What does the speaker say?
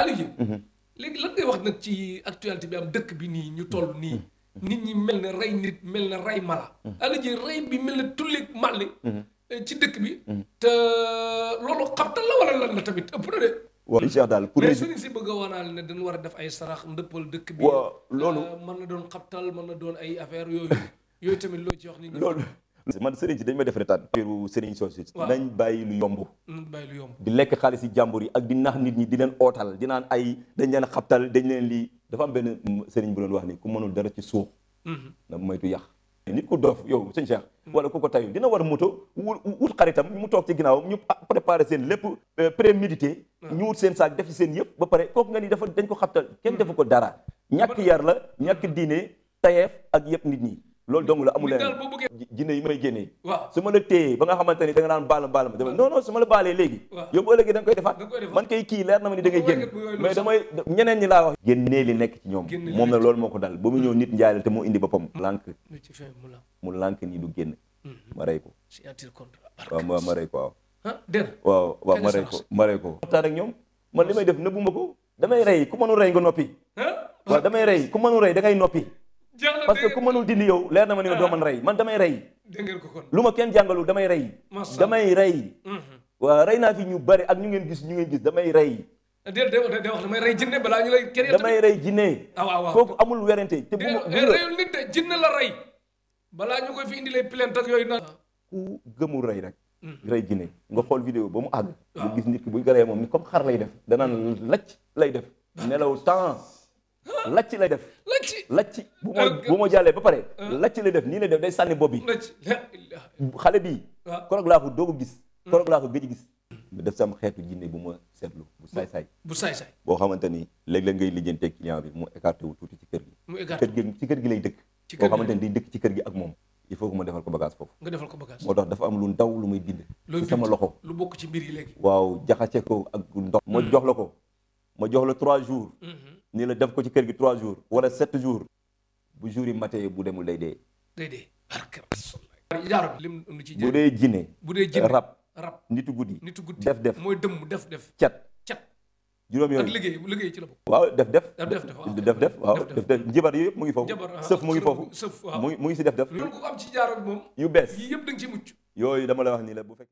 Aliou ji mhm. léegi lan ngay wax nag ci actualité bi am dëkk bi nii ñu toll nii mhm. nit ñi mel na rey nit mel na rey mala mhm. Aliou ji rey bi mel na tulleeg màlli eh, ci dëkk bi te euh, loolu xabtal la wala lan la tamit ëpp na de waaw Cheikh daal pour mais si bëgg a wanaal ne dañu war a def ay sarax ndëppal dëkk bi waaw loolu euh, mën na doon xabtal mën na doon ay affaire yooyu yooyu tamit loo ci wax nit ñi loolu man sëriñ si dañ ma def retaan affaire sëriñ soosu nañ bàyyi lu yomb di lekk xaalis yi jàmbur yi ak di nax nit ñi di leen ootal di naan ay dañ leen xabtal dañ leen lii dafa am benn sëriñ bu doon wax ni ku mënul dara ci suux mhm. na moytu yàq nit ku dof yow sëñ Cheikh mhm. wala ku ko tayul dina war a moto wut xaritam mu toog ci ginnaawam ñu préparé seen lépp euh, prémédité ñu wut seen saak def ci seen yëpp ba pare kooku nga ni dafa dañ ko xabtal kenn mhm. defu ko dara ñàkk yar la ñàkk diine tayeef ak yëpp nit ñi loolu donc la amul leneen jinne yi a génnee su ma la téyee ba nga xamante ni da nga naan baal ma baal ma dama non non su ma la baalee léegi yow a léegi da nga koy defaat man kay kii leer na ma da ngay génn mais damay ba mu ma rey ko waaw ma ma rey def nëbbuma ko damay rey ku mënu rey nga noppi waaw damay rey ku mënu rey da noppi parce que ku mënul dindi yow leer na ma ni yow doo ah. mën rey man damay rey. lu ma kenn jàngalul damay rey. damay mhm. rey. naa fi ñu bari ak ñu ngeen gis ñu ngeen gis damay rey. déedéet déedéet wax damay rey jinne balaa ñu lay. keneen damay rey jinne. ah waaw waaw kooku amul werante te bu ma la rey. balaa ñu koy fi indi lay plainte yooyu naan. ku gëmul rey rek. Mm. rey jinne nga xool vidéo ba mu àgg. nga ah. gis nit ki bu garee moom ni comme xar lay def danaan lacc lay def ah. nelaw temps. lacc lay def. lacc lacc bu ma bu ma jàllee ba pare. Ah. lacc lay def nii lay def day sànni bopp bi. xale bi waaw ah. korog laa ko doog gis. Hmm. korog laa ko gëj gis. def sama xeetu jinne bu ma seetlu bu saay saay. bu saay boo xamante ni léeg-léeg ngay lijjantee client bi mu écarté wu tuuti ci kër mu écarté ci kër gi lay dëkk. ci kër gi boo xamante ni day ci kër gi ak moom. il faut que ma ko bagage foofu. nga defal ko bagage moo tax dafa am lu ndaw lu may bind. ci sama loxo lu bokk ci yi léegi. waaw jaxase ko ak ndox. ma hmm. jox la ko ma jox la trois jours. Hmm. nii la def ko ci kër gi trois jours wala sept jours bu jours yi matee bu demul day dee. mu dee bu dee jinne bu dee jinne rab rab nitu guddi. nitu guddi def def mooy dëmm def def. cat cat. juróom yooyu ak liggéey ci la bokk. waaw def def def def def def def njabar yooyu yëpp mu ngi foofu. Ah, sëf mu ngi foofu mu ngi si def def. loolu ko am yu bees yii yëpp da nga ciy mucc. yooyu dama la wax nii la bu fekkee.